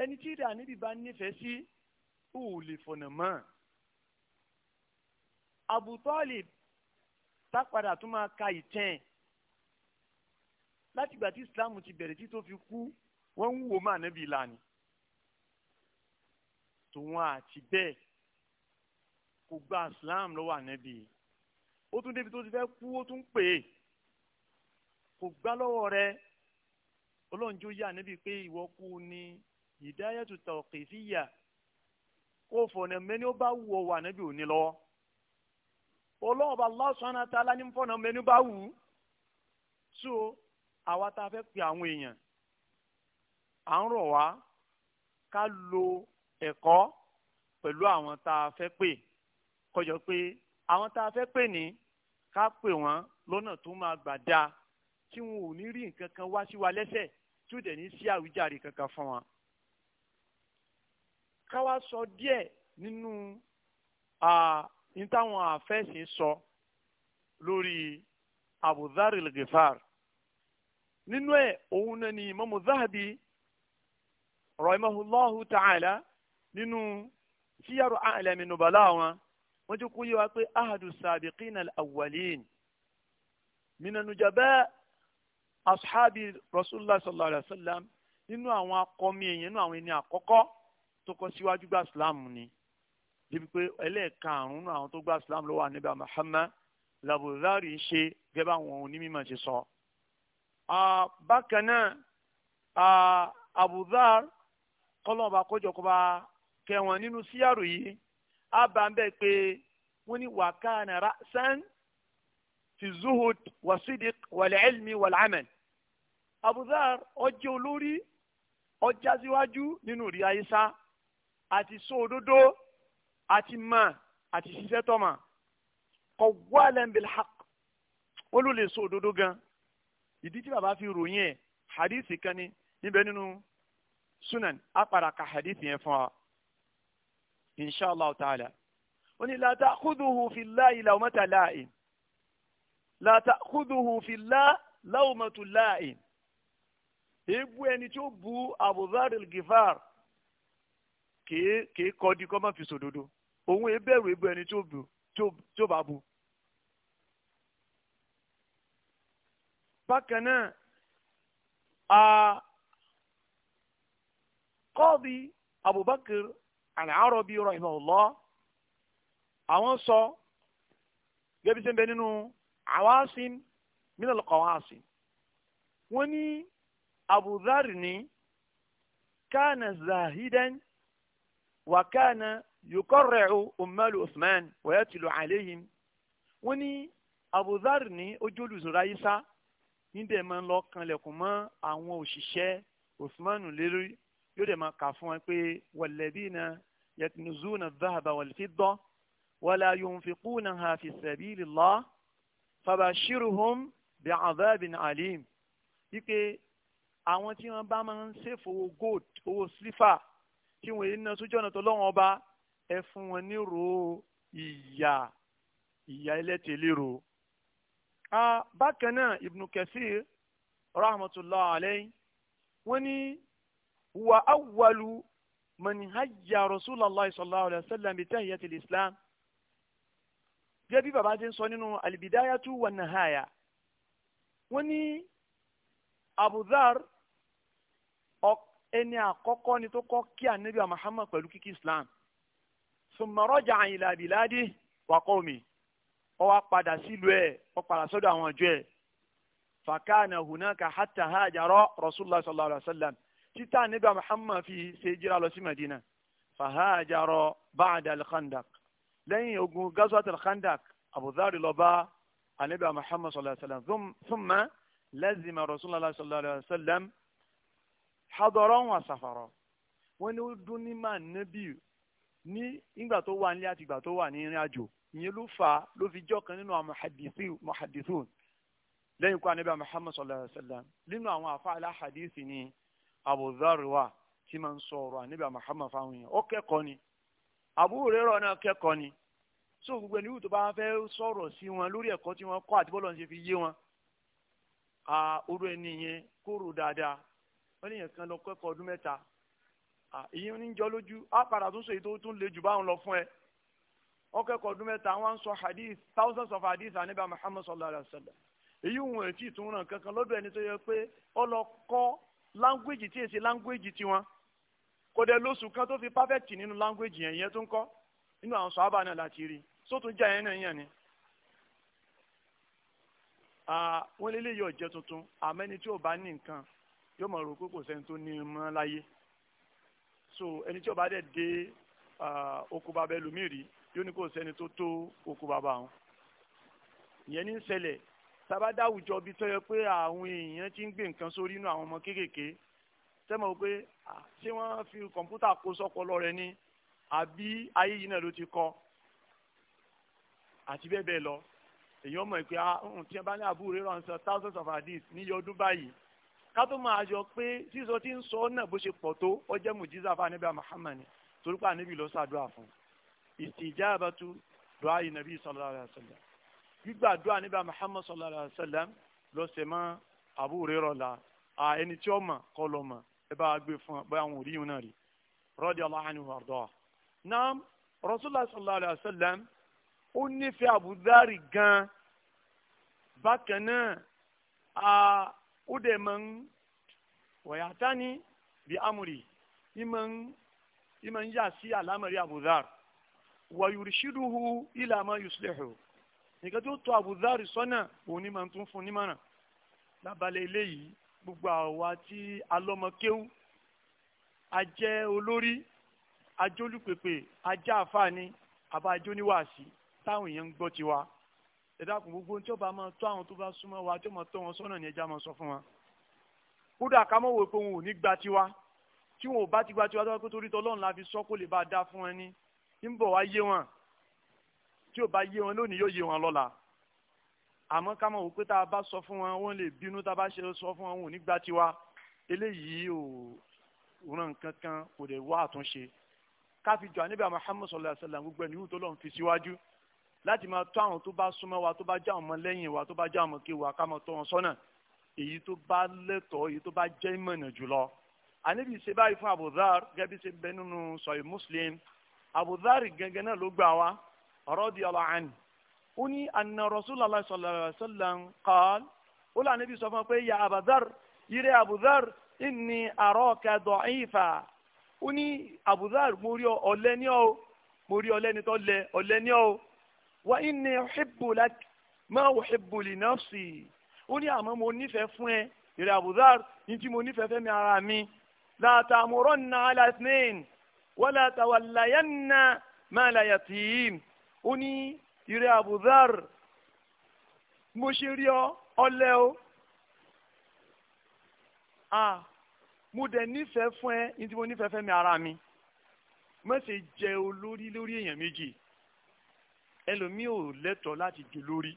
ẹni tí ìdá níbi bá nífẹ̀ẹ́ sí ó lè fọ̀nà mọ́ Abu tá padà tún máa ka ìtẹ́n láti ìgbà tí islam ti bẹ̀rẹ̀ tí tó fi kú wọ́n ń wò má nẹ́bí ìlànà tòun àti bẹ́ẹ̀ kò gba islam lọ́wọ́ ànẹ́bí ó tún débi tó ti fẹ́ kú ó tún pè é kò gbá lọ́wọ́ rẹ̀ ọlọ́run yá ànẹ́bí pé ìwọ kú ni hidayatu tawqifiyya kó fọ̀nà mẹ́ni ó bá wù ọ wà ànẹ́bí ò ní lọ́wọ́ ọlọ́run ọba Allah subhanahu wa ta'ala ní fọ́nà mẹ́nu bá wù ú so àwa tá a fẹ́ pe àwọn èèyàn à ń rọ̀ wá ká lo ẹ̀kọ́ pẹ̀lú àwọn tá a fẹ́ pè kọjọ pé àwọn tá a fẹ́ pè ní ká pè wọ́n lọ́nà tó máa gbà dáa tí wọn ò ní rí nǹkan kan wá sí wa lẹ́sẹ̀ tí ó dẹ̀ ní sí àwíjàre kankan fún wọn. ká wá sọ díẹ̀ nínú ní táwọn àfẹ́sìn sọ lórí Abu Dharr al-Ghifar nínú ẹ̀ òun náà ni Imam Zahabi rahimahullahu ta'ala nínú síyàrá A'lami Nubala wọn wọ́n jẹ́ kó yé wa pé ahadu sabiqin al-awwalin mina nujaba ashabi rasulillah sallallahu alaihi wa sallam nínú àwọn akọmi èèyàn nínú àwọn ẹni àkọ́kọ́ tó kọ síwájú gba islam ni débi pé ẹlẹ́ẹ̀karùn-ún àwọn tó gba islam lọ́wọ́ àníbà muhammad labudari ń ṣe gẹ́gẹ́ bá àwọn onímọ̀ ṣe sọ. bákan náà abudar kọ́lọ́ọ̀bá kọjọkọba kẹwọn nínú síyàrò yìí á bá ń bẹ́ pé wọ́n ní wàkánà ra'san fi zuhud wa sidiq wal ilmi wal amal. abudar ọjọ́ olórí ọjà síwájú nínú rí ayé sá àti sóòdodo. So àti mọ̀ àti ṣiṣẹ́ tọ́mà kọ wàlẹ̀ bil haqq olú lè sọ òdodo gan ìdí tí bàbá fi ròyìn ẹ̀ hadith kan ní níbẹ̀ nínú sunan apara ka hadith yẹn fún wa inshallah ta'ala ó ní la ta'khudhuhu fillahi lawmata la'in la ta'khudhuhu fillahi lawmata la'in èébú ẹni tí ó bu Abu Dharr al-Ghifar kèé kèé kọ́ di kọ́ máa fi sòdodo. So onwe ebẹ̀rù ebu ẹni tó bá bu. bákan náà a qadi abubakar al-arabi rahimahullah àwọn sọ gẹ́bí sẹ́ńbẹ́ nínú awasim minal qawasim wọ́n ní abudhar ní kánà zahidan wà kánà yuqarri'u ummalu usman wa yatlu alayhim wọ́n ní abudar ní ojú olùsọ̀rọ̀ ayíṣá níbẹ̀ máa ń lọ kanlẹ̀kùn mọ́ àwọn òṣìṣẹ́ usman lérí yóò dẹ̀ máa kà fún wọn pé walladhina yaknuzuna adh-dhahaba wal-fidda wala yunfiqunaha fi sabilillah fabashirhum bi'adhabin alim wípé àwọn tí wọ́n bá máa ń ṣèfowó gold owó sílífà tí wọ́n èyí ń ná sójú ọ̀nà tó lọ́wọ́n ọba ẹ fún wọn nírò ìyà ìyà ẹlẹ́tẹ̀lérò. bákan náà ibnu kathir rahmatulah alayhi wọ́n ní wa awwalu man hajja rasulallah sallallahu alayhi wa sallam bi tahiyyati islam gẹ́gẹ́ bí baba ti ń sọ nínú alibidayatu wa nahaya wọ́n ní abudar ẹni àkọ́kọ́ ni tó kọ́ kí anabi muhammad pẹ̀lú kíkí islam thumma raja'a ila biladihi wa qawmihi ó wá padà sílùú ẹ̀ ó padà sọ́dọ̀ àwọn ọjọ́ ẹ̀ fakana hunaka hatta hajara rasulillah sallallahu alaihi wa sallam títà nígbà muhammad fi ṣe jíra lọ sí madina fahajara ba'da al-khandaq lẹ́yìn ogun gazwat al-khandaq abu dhar lọ bá anabi muhammad sallallahu alaihi wa sallam thumma lazima rasulillah sallallahu alaihi wa sallam hadaran wa safara wọ́n ní ó dún ní ní ìgbà tó wà nílé àti ìgbà tó wà ní ìrìn àjò ìyẹn ló fà á ló fi jọ́ kan nínú àwọn muhadithun lẹ́yìn kó anábíà muhammad sallallahu alayhi wa sallam nínú àwọn àfa aláhadìsì ni abu dhar wa tí máa ń sọ̀rọ̀ anábíà muhammad fáwọn èèyàn ó kẹ́kọ̀ọ́ ni abu hurairah náà kẹ́kọ̀ọ́ ni so gbogbo ẹni wù tó bá fẹ́ sọ̀rọ̀ sí wọn lórí ẹ̀kọ́ tí wọ́n kọ́ àti bọ́ọ̀lù ṣe fi yé wọn orú ẹni yẹn kóró dáadáa wọ́n ní yẹn kan lọ kẹ́kọ̀ọ́ ọdún mẹ́ta ìyẹn ní jọ lójú á padà tún sọ èyí tó tún le jù báwọn lọ fún ẹ ọkọ ẹkọ ọdún mẹ́ta wọn sọ hadith thousands of hadith anabi muhammad sallallahu alaihi wa sallam èyí wọn ètí ìtúnràn kankan lọ́dọ̀ ẹni tó yẹ pé ọlọkọ language tí èsì language tiwọn kò dé lóṣù kan tó fi perfect nínú language yẹn yẹn tó ń kọ́ nínú àwọn sọ abáná láti rí sótún jẹ yẹn náà yẹn ni wọn lé lè yọ jẹ tuntun àmọ́ ẹni tí ò bá ní nǹkan yóò mọ̀ rò pé kò sẹ́ni tó ní mọ́ láyé so ẹni tí ó bá dẹ̀ dé oko bàbá ẹlòmíì rí yóò ní kò sẹ́ni tó tó oko bàbá wọn. ìyẹn ní ń ṣẹlẹ̀ sábàdà àwùjọ bíi tọ́yọ pé àwọn èèyàn ti ń gbé nǹkan sórí inú àwọn ọmọ kéékèèké sẹ́mọ̀ pé ṣé wọ́n fi kọ̀ǹpútà kó sọ́pọlọ rẹ ni àbí ayé yìí náà ló ti kọ́ àti bẹ́ẹ̀ bẹ́ẹ̀ lọ èèyàn mọ̀ pé tí wọ́n bá ní àbúrò rẹ̀ ránṣẹ́ thousands of hadith níyọ ọdún báyìí kátó máa yọ pé sísọ tí ń sọ náà bó ṣe pọ̀ tó ó jẹ́ mùjíza fún anábìá Muhammad torí pé anábì ló ṣàdúrà fún ìtìjáàbàtú dùá ìnàbí sallallahu alaihi wasallam gbígbàdúrà anábìá Muhammad sallallahu alaihi wasallam ló ṣe mọ́ Abu Hurairah la ẹni tí ó mọ̀ kọ́ lọ mọ̀ ẹ bá gbé fún ọ bóyá àwọn òrí yìí náà rí radiyallahu anhu arda naam rasulullah sallallahu alaihi wasallam ó nífẹ̀ẹ́ Abu gan bákan náà ó dẹ̀ máa ń wọ̀yàtá ní bí amúri ìmọ̀ ń yà sí àlámọ̀rí àbúdár wàyùrìṣídùhù ìlàmà yuslẹ̀hù nìkan tó tọ́ àbúdár sọ́nà òun ni máa tún fún nímọ̀ràn lábalẹ̀ eléyìí gbogbo àwa tí alọ́mọkéwú ajẹ́ olórí ajólùpèpè ajá àfáàní àbájó táwọn èèyàn ń gbọ́ tiwa ẹ dákun gbogbo tí ó bá máa tọ́ àwọn tó bá súnmọ́ wa tí ó máa tọ́ wọn sọ́nà ní ẹja máa sọ fún wa kódà ká mọ̀ wò pé òun ò ní gba tiwa tí wọn ò bá ti gba tiwa tó wá pé torí tọ́lọ́run la sọ kó lè bá a dá fún ẹni ń bọ̀ wá yé wọn tí ò bá yé wọn lónìí yóò yé wọn lọ́la àmọ́ ká mọ̀ wò pé tá a bá sọ fún wọn wọ́n lè bínú tá a bá ṣe sọ fún wọn òun ò ní gba tiwa eléyìí ò ràn kankan kò lè wá àtúnṣe ká fi jọ sallallahu alaihi wasallam gbogbo ẹni yóò láti máa tọ́ àwọn tó bá súnmọ́ wa tó bá já ọmọ lẹ́yìn wa tó bá já ọmọ kí wa ká máa tọ́ wọn sọ́nà èyí tó bá lẹ́tọ̀ọ́ èyí tó bá jẹ́ ìmọ̀nà jùlọ. àníbi ṣe báyìí fún Abu Dharr gẹ́gẹ́ bí ṣe bẹ nínú sọ̀yìn Muslim Abu Dharr gẹ́gẹ́ náà ló gbà wá radiyallahu anhu. ó ní anna Rasulullah ó ní Abu Dharr wà inni uhibbu lak ma uhibbu li nafsi ó ní àmọ́ mo nífẹ̀ẹ́ fún ẹ ìrẹ̀ àbúzár ní tí mo nífẹ̀ẹ́ fẹ́mi ara mi la ta'muranna ala ithnain wala tawallayanna ma la yatim ó ní ìrẹ̀ àbúzár mo ṣe rí ọ ọlẹ́ o mo dẹ̀ nífẹ̀ẹ́ fún ẹ ní tí mo nífẹ̀ẹ́ fẹ́mi ara mi má ṣe jẹ́ olórí lórí èèyàn méjì ẹlòmíì ò lẹ́tọ̀ọ́ láti di lórí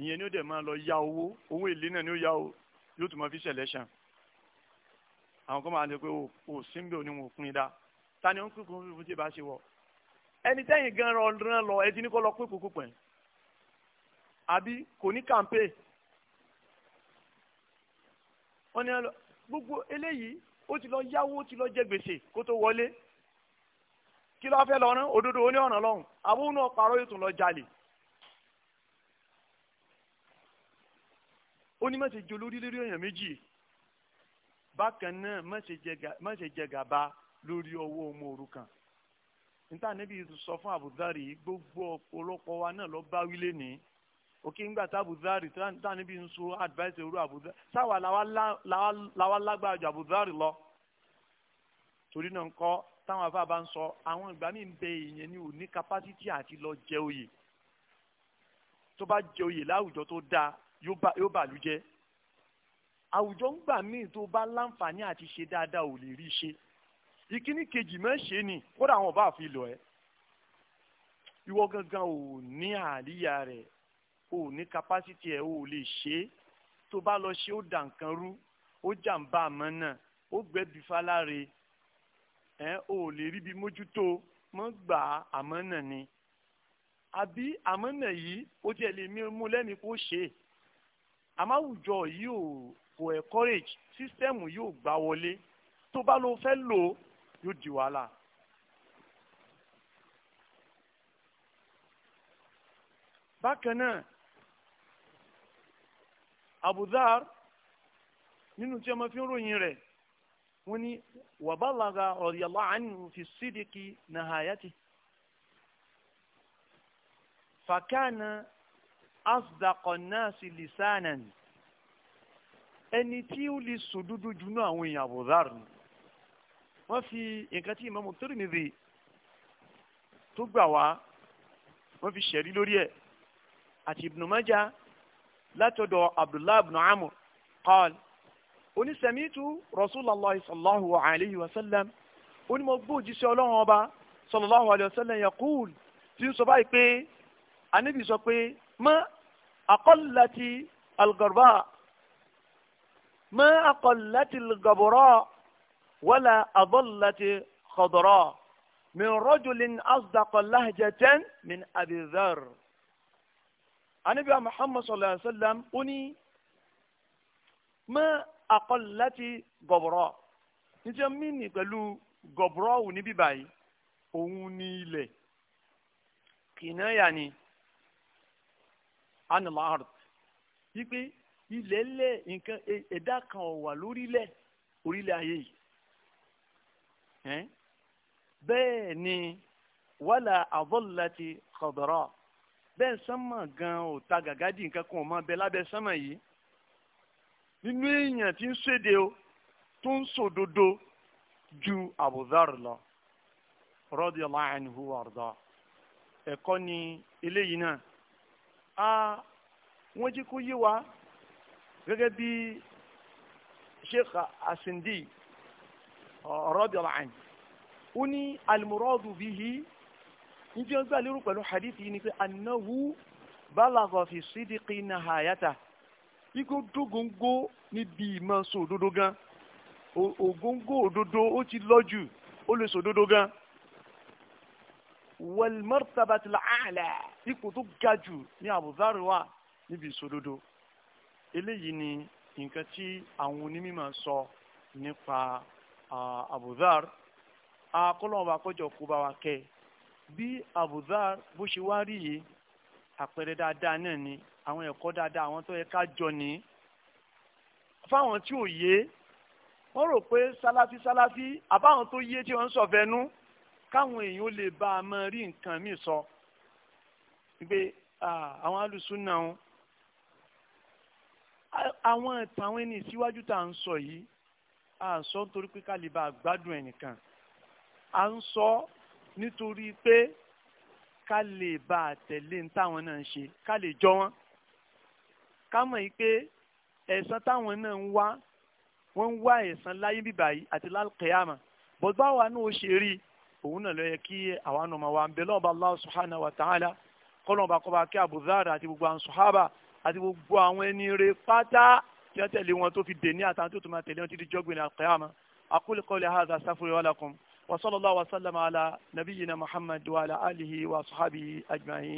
ìyẹn ni ó dẹ̀ máa lọ ya owó owó èlé náà ni ó ya o yóò tún máa fi ṣẹlẹ̀ ṣàn àwọn kan máa lè pé o sí níbẹ̀ òní wọn ò pin dá ta ni ó ń pín kún fún tí ì bá ṣe wọ ẹni tẹ́yìn gan rán lọ ẹdín ní kọ́ lọ pín kúkú pẹ̀ àbí kò ní kàǹpé wọ́n ní gbogbo eléyìí ó ti lọ yáwó ó ti lọ jẹ gbèsè kó tó wọlé kí ló fẹ́ lọ rán òdodo ó ní ọ̀ràn lọ́hùn àbúrò náà parọ́ ètò lọ jalè ó ní mọ̀sẹ̀ jẹ olórí lórí èèyàn méjì bákan náà mọ̀sẹ̀ jẹ gàba lórí ọwọ́ ọmọ òrukàn níta níbi sọ fún àbùdárì gbogbo ọ̀pọ̀lọpọ̀ wa náà lọ bá wílé ní òkè ńgbà tá àbùdárì tá níbi ń advice òru àbùdárì sáwà làwa lágbára ju àbùdárì lọ torí náà ń kọ́ táwọn afa bá ń sọ àwọn ìgbà míì ń bẹ èèyàn ní òní kapásítì àti lọ jẹ oyè tó bá jẹ oyè láwùjọ tó dáa yóò bàlú jẹ àwùjọ ń gbà míì tó bá láǹfààní àti ṣe dáadáa ò lè rí ṣe ìkíní kejì mẹ́ṣe ni kódà àwọn ọba àfi lọ ẹ ìwọ gangan ò ní àríyá rẹ ò ní kapásítì ẹ ò lè ṣe tó bá lọ ṣe ó dà nǹkan rú ó jàǹbá àmọ́ náà ó gbẹ́bí fáláre ẹ ò lè rí bí mójútó mọ́ gbà àmọ́ náà ni àbí àmọ́ náà yìí ó tiẹ̀ lè mú lẹ́mìí kó ṣe é yìí ò kò encourage system yìí ò gbà wọlé tó bá ló fẹ́ lò yóò di wàhálà. bákan náà Abu Dhar nínú tí ọmọ fi ń ròyìn rẹ̀ wọ́n ní wàbálàgà radiyallahu anhu fi sídìkì nàhàyàtì fàkànà asdaqan nasi lisanan ẹni tí ó lè sùn dúdú jù náà àwọn èèyàn àbùdár ni wọ́n fi nǹkan tí Imamu Tirmidhi tó gbà wá wọ́n fi ṣẹ̀rí lórí ẹ̀ àti Ibn látọ̀dọ̀ Abdullah ibn Amr qala onísẹ̀mítù Rasulullahi sallallahu alayhi wa sallam onímọ̀gbó òjíṣẹ́ ọlọ́run ọba sallallahu alayhi wa sallam yaqul tí ń sọ báyìí pé anábì sọ pé ma aqallati al-ghurba ma aqallati al-ghubra wala adallati khadra min rajulin asdaqa anábì Muhammad sallallahu alayhi wa akọ́láti gọ̀bọ̀rọ̀ níṣẹ́ mínì pẹ̀lú gọ̀bọ̀rọ̀ òun níbí báyìí òun ní ilẹ̀ kìnnáyà ni anamahar wípé ilẹ̀ lẹ̀ nǹkan e, ẹ̀dá kan ò wà lórílẹ̀ orílẹ̀ ayé yìí bẹ́ẹ̀ ni wàlà àbọ̀láti gọ̀bọ̀rọ̀ bẹ́ẹ̀ sánmà gan ò ta gàgádì nǹkan kan ò mọ bẹ lábẹ́ sánmà yìí nínú èèyàn tí ń ṣèdè o tó ń sòdodo ju abudar lọ radiyallahu anhu warda ẹ̀kọ́ ni eléyìí náà a wọ́n jẹ́ kó yé wa gẹ́gẹ́ bí sheikh asindi radiyallahu anhu ó ní alimuradu bihi níbi ọgbà lérò pẹ̀lú hadith yìí ni pé anahu balagha fi sídìkì nahayata ikú dógóńgó níbi ìmọ̀ sọ òdodo gan ògóńgó òdodo ó ti lọ́jù ó lè sọ òdodo gan wàlmọ́tàbàtì làálà ipò tó ga jù ní àbùzárì wà níbi ìsòdodo eléyìí ni nǹkan tí àwọn onímọ̀ sọ nípa àbùzár akọ́lọ́wọ́n bá kọjọ kó bá wa kẹ́ bí àbùzár bó ṣe wá rí yìí àpẹẹrẹ dáadáa náà ni àwọn ẹ̀kọ́ dáadáa àwọn tó yẹ ká jọ ní fáwọn tí ò yé wọ́n rò pé sáláfí sáláfí àbáwọn tó yé tí wọ́n ń sọ̀fẹ́nu káwọn èèyàn ó lè bá a máa rí nǹkan míì sọ pé àwọn alùsùn náà àwọn ìtàwọn ẹni síwájú tá à ń sọ yìí à ń sọ nítorí pé ká lè bá a gbádùn ẹnìkan à ń sọ nítorí pé ká lè bá a tẹ̀lé ní táwọn náà ń ṣe ká lè jọ wọ́n ká mọ̀ yìí pé ẹ̀san táwọn náà ń wá wọ́n ń wá ẹ̀san láyé bíbà yìí àti lálùkẹ́yàmà bọ́dọ̀ àwa náà ó ṣe rí òun náà ló yẹ kí àwa náà máa wá ń bẹ lọ́ọ̀bà Allah subhanahu wa ta'ala kọ́lọ́ọ̀bà kọ́ba kí Abu Dhar àti gbogbo àwọn sùhábà àti gbogbo àwọn ẹni rẹ pátá tí wọ́n tẹ̀lé wọn tó fi dè ní àtàwọn tó tó máa tẹ̀lé wọn